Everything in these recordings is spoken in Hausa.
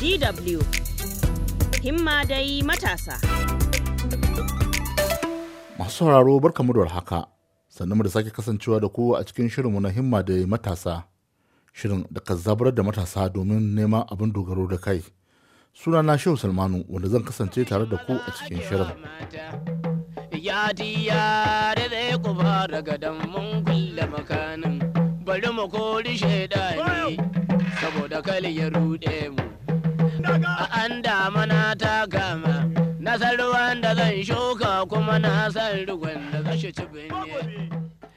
DW himma dai matasa. Masu sauraro barkamu da haka sannan mu da sake kasancewa da ku a cikin shirinmu na himma dai matasa. Shirin da ka zabar da matasa domin neman abin dogaro da kai. suna na Shehu Salmanu wanda zan kasance tare da ku a cikin shirin. Ya diya da zai mun kulle makanin bari mu kori saboda kali ya ruɗe mu. an damana ta kama na da zan shuka kuma na san ruwan da ci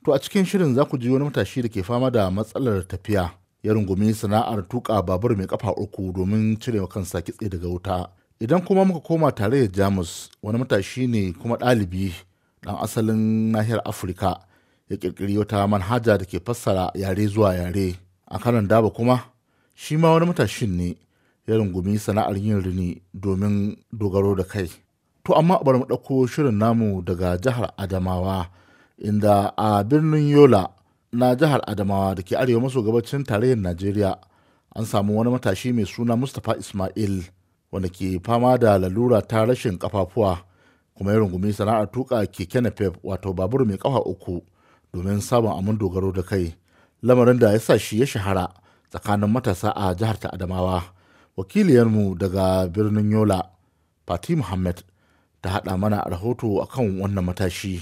To a cikin shirin za ku ji wani matashi da ke fama da matsalar tafiya ya rungumi sana'ar tuka babur mai kafa uku domin cire wa kansa kitse daga wuta. Idan kuma muka koma tare da Jamus wani matashi ne kuma ɗalibi ɗan asalin nahiyar Afirka ya ƙirƙiri wata manhaja da ke fassara yare zuwa yare. A kanan daba kuma shi ma wani matashin ne ya rungumi sana'ar yin rini domin dogaro da kai. To amma bari mu ɗauko shirin namu daga jihar Adamawa inda a birnin Yola na jihar Adamawa da ke arewa maso gabacin tarayyar Najeriya an samu wani matashi mai suna Mustapha Ismail wanda ke fama da lalura ta rashin kafafuwa kuma ya rungumi sana'ar tuka keke napep wato babur mai kafa uku domin samun amin dogaro da kai lamarin da ya sa shi ya shahara tsakanin matasa a jihar ta Adamawa. wakiliyarmu daga birnin yola fati muhammad ta haɗa mana rahoto akan wannan matashi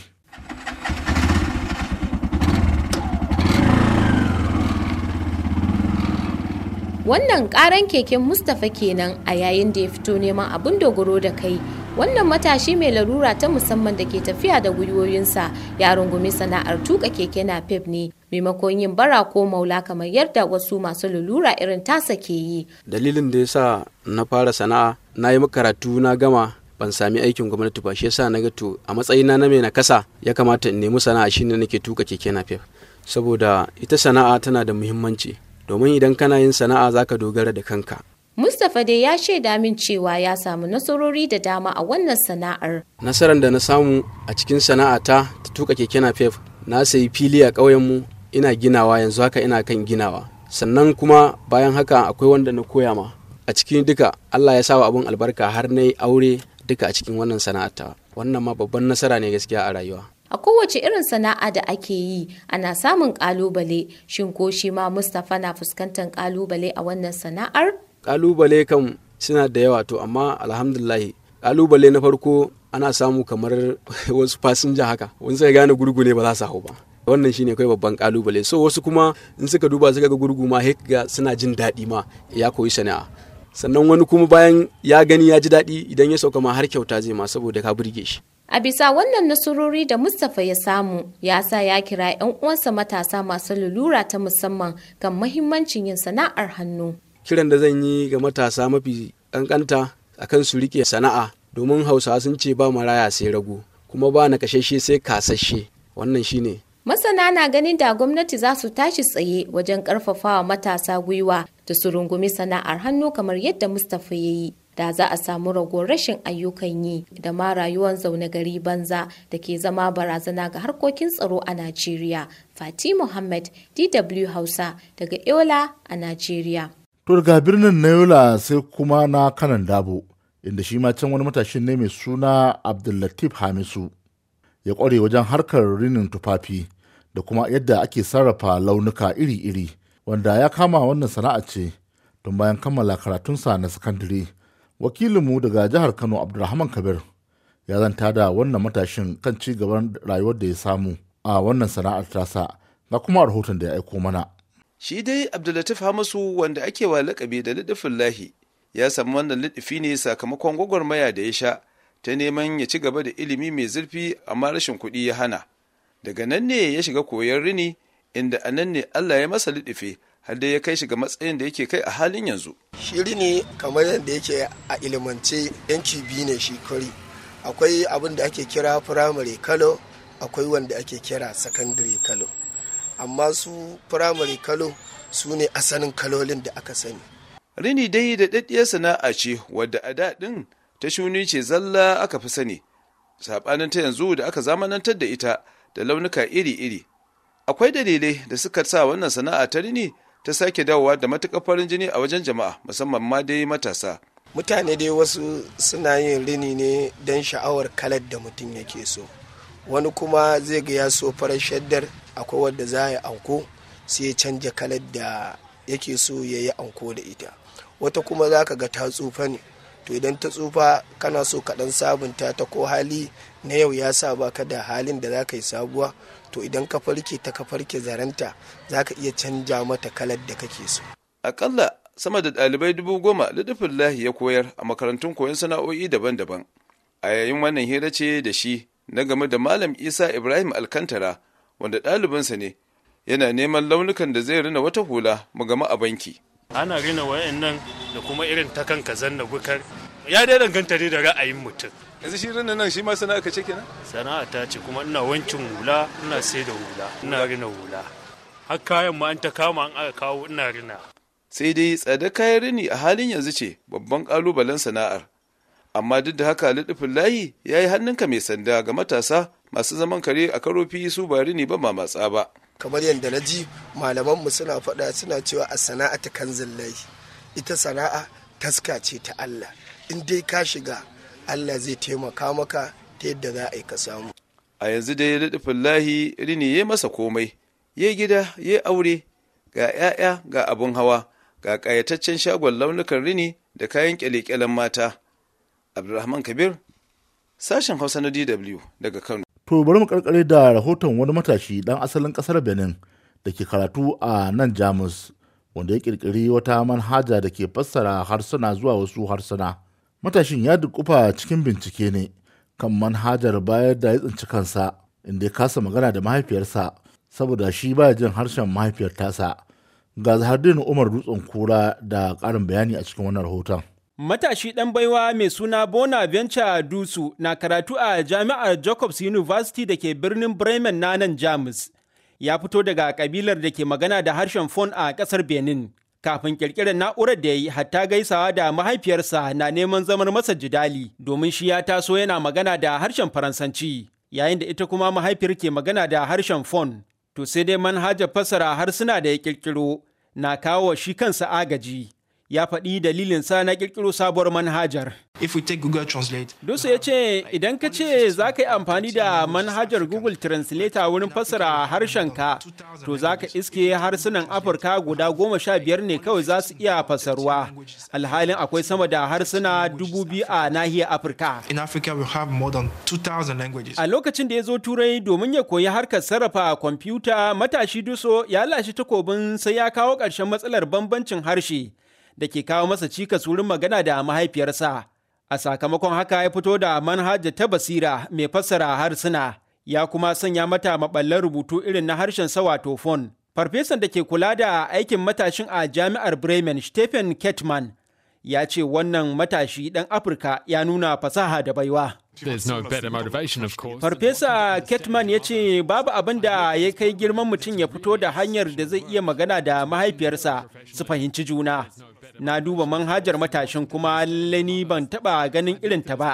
wannan karan keken mustapha kenan a yayin da ya fito neman abin dogoro da kai wannan matashi mai larura ta musamman da ke tafiya da gwiwoyinsa ya rungumi sana'ar tuka keke na pep ne maimakon yin bara ko maula kamar yadda wasu masu lulura irin tasa ke yi. Dalilin da ya sa na fara sana'a na yi makaratu na gama ban sami aikin gwamnati ba shi yasa na ga to a matsayina na mai nakasa ya kamata in nemi sana'a shine nake tuka keke na fef saboda ita sana'a tana da muhimmanci domin idan kana yin sana'a zaka dogara da kanka Mustapha dai ya shaida min cewa ya samu nasarori da dama a wannan sana'ar. Nasarar da na samu a cikin sana'ata ta tuka keke napep na sayi fili a ƙauyenmu ina ginawa yanzu haka ina kan ginawa sannan kuma bayan haka akwai wanda na koya ma a cikin duka Allah ya sawa abun albarka har na yi aure duka a cikin wannan sana'ata wannan ma babban nasara ne gaskiya a rayuwa a kowace irin sana'a da ake yi ana samun kalubale shin ko shi ma Mustapha na fuskantar kalubale a wannan sana'ar kalubale kam suna da yawa to amma alhamdulillah kalubale na farko ana samu kamar wasu fasinja haka wani sai gane gurgu ne ba za su hau ba wannan shine kai babban kalubale so wasu kuma in suka duba suka ga gurgu ma ga suna jin daɗi ma ya koyi sana'a sannan wani kuma bayan ya gani ya ji daɗi idan ya sauka ma har kyauta zai ma saboda ka burge shi a bisa wannan nasarori da mustafa ya samu ya sa ya kira 'yan uwansa matasa masu lulura ta musamman kan mahimmancin yin sana'ar hannu kiran da zan yi ga matasa mafi kankanta akan su rike sana'a domin hausawa sun ce ba maraya sai rago kuma ba na kashashe sai kasashe wannan shine Masana na ganin da gwamnati za su tashi tsaye wajen ƙarfafawa matasa gwiwa da su rungumi sana'ar hannu kamar yadda Mustapha ya yi. Da za a samu ragowar rashin ayyukan yi da ma rayuwar zaune gari banza da ke zama barazana ga harkokin tsaro a Najeriya. Fati Muhammad, DW Hausa, daga Eola a Najeriya. To daga birnin na Eola sai kuma na kanan dabo, inda shi ma can wani matashin ne mai suna Abdullatif Hamisu. ya ƙware wajen harkar rinin tufafi da kuma yadda ake sarrafa launuka iri-iri wanda ya kama wannan sana'a ce tun bayan kammala karatunsa na sakandare wakilinmu daga jihar kano abdulrahman kabir ya zanta da wannan matashin kan ci gaban rayuwar da ya samu a wannan sana'ar tasa ga kuma rahoton da ya aiko mana shi dai abdulatif hamasu wanda ake wa lakabi da lidifin lahi ya samu wannan lidifi ne sakamakon gwagwarmaya da ya sha ta neman ya ci gaba da ilimi mai zurfi amma rashin kuɗi ya hana daga nan ne ya shiga koyon rini inda a nan ne allah ya masa liɗife har dai ya kai shiga matsayin da yake kai a halin yanzu shi rini kamar yadda yake a ilimance yanki biyu ne shi kuri akwai abin da ake kira firamare kalo akwai wanda ake kira sakandare kalo amma su firamare kalo su ne asalin kalolin da aka sani rini dai da daɗiyar sana'a ce wadda a daɗin ta shuni ce zalla aka fi sani saɓanin ta yanzu da aka zamanantar da ita da launuka iri-iri akwai dalilai da suka sa wannan sana'a ta rini ta sake dawowa da matuƙar farin jini a wajen jama'a musamman ma dai matasa mutane dai wasu suna yin rini ne don sha'awar kalar da mutum yake so wani kuma zai ga ya so farar shaddar akwai wadda za yi anko sai ya canja kalar da yake so ya yi anko da ita wata kuma za ka ga ta tsufa ne to idan ta tsufa kana so ka dan sabunta ta ko hali na yau ya sa baka da halin da za ka yi sabuwa to idan ka farke ta ka farke zaranta za ka iya canja mata kalar da kake so akalla sama da ɗalibai dubu goma littafin lahi ya koyar a makarantun koyon sana'o'i daban-daban a yayin wannan hira ce da shi na game da malam isa ibrahim alkantara wanda ɗalibinsa ne yana neman launukan da zai rina wata hula mu gama a banki ana rina nan da kuma irin ta kan zanna da bukar ya dai danganta da ra'ayin mutum yanzu shi rina nan shi ma sana'a ce kenan sana'a ta ce kuma ina wancin hula ina sai da hula ina rina hula har kayan ma an ta kama an aka kawo ina rina sai dai tsada kayan rini a halin yanzu ce babban kalubalen sana'ar amma duk da haka liɗifin layi ya yi hannunka mai sanda ga matasa masu zaman kare a karofi su ba rini ba ma matsa ba kamar yadda na ji malamanmu suna faɗa suna cewa a sana'a ta kan zillai ita sana'a taska ce ta Allah in dai ka shiga Allah zai taimaka maka ta yadda za a yi ka samu a yanzu dai laɗifin lahi rini ya masa komai ya gida ya aure ga 'ya'ya ga abin hawa ga ƙayataccen shagon launukan rini da kayan ƙyale-ƙyalen mata abdulrahman kabir sashen hausa na dw daga kano To bari mu karkare da rahoton wani matashi dan asalin kasar Benin da ke karatu a nan Jamus wanda ya kirkiri wata manhaja da ke fassara harsuna zuwa wasu harsuna. Matashin ya dukufa cikin bincike ne kan manhajar bayar da ya tsinci kansa inda ya kasa magana da mahaifiyarsa saboda shi baya jin harshen mahaifiyar tasa. Ga Zahardin Umar Dutsen Kura da ƙarin bayani a cikin wannan rahoton. Matashi ɗan baiwa mai suna Bona Venture Dusu na karatu a Jami'ar Jacobs University da ke birnin Bremen na nan Jamus. Ya fito daga kabilar da ke magana da harshen Fon a ƙasar Benin. Kafin ƙirƙirar na'urar da ya yi hatta gaisawa da mahaifiyarsa na neman zamar masa jidali domin shi ya taso yana magana da harshen Faransanci, yayin da ita kuma mahaifiyar ke magana da harshen Fon. To sai dai manhajar fassara harsuna da ya ƙirƙiro na kawo shi kansa agaji. ya faɗi dalilin sa na ƙirƙiro sabuwar manhajar. If ya ce idan ka ce za ka yi amfani da manhajar Google Translator wurin fassara harshenka, to za ka iske harsunan Afirka guda goma sha biyar ne kawai za su iya fasaruwa" Alhalin akwai sama da harsuna dubu biyu a nahiyar Afirka. A lokacin da ya zo Turai domin ya koyi harkar sarrafa kwamfuta, matashi Duso ya lashe takobin sai ya kawo ƙarshen matsalar bambancin harshe. da ke kawo masa cikas wurin magana da mahaifiyarsa a sakamakon haka ya fito da manhaja ta basira mai fassara harsuna ya kuma sanya mata maballar rubutu irin na harshen wato fon farfesan da ke kula da aikin matashin a jami'ar bremen stephen ketman ya ce wannan matashi ɗan afirka ya nuna fasaha da baiwa farfesa ketman ya ce babu abin da ya kai girman mutum ya fito da hanyar da zai iya magana da mahaifiyarsa su fahimci juna na duba manhajar matashin kuma lallani ban taba ganin irin ta ba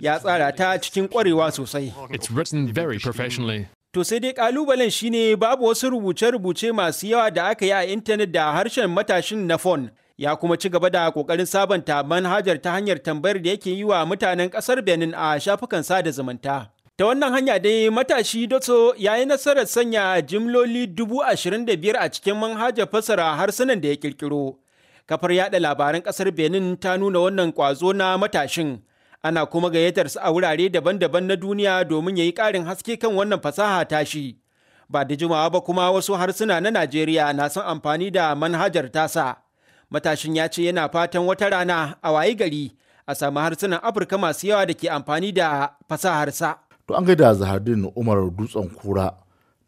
ya tsara ta cikin kwarewa sosai it's written very professionally To sai dai kalubalen shine babu wasu rubuce-rubuce masu yawa da aka yi a intanet da harshen matashin na fon. Ya kuma ci gaba da kokarin sabanta manhajar ta hanyar tambayar da yake yi wa mutanen ƙasar Benin a shafukan sada zumunta. Ta wannan hanya dai matashi Dotso ya yi nasarar sanya jimloli dubu ashirin da biyar a cikin manhajar fasara harsunan da ya kirkiro. Kafar yada labaran kasar Benin ta nuna wannan kwazo na matashin. Ana kuma gayyatar su a wurare daban-daban na duniya domin ya yi ƙarin haske kan wannan fasaha tashi. Ba da jimawa ba kuma wasu harsuna na Najeriya na son amfani da manhajar tasa. Matashin ya ce yana fatan wata rana a wayi gari a samu harsunan Afirka masu yawa da ke amfani da fasaharsa. To an gaida Zahardin Umar Dutsen Kura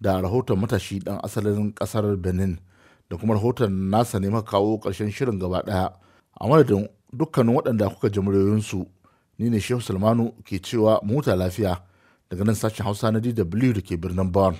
da rahoton matashi ɗan asalin kasar Benin. da kuma rahoton nasa ne kawo ƙarshen shirin gaba ɗaya a madadin dukkanin waɗanda kuka ji muryoyinsu ni ne shehu salmanu ke cewa mota lafiya daga nan sashen hausa na dw da ke birnin bonn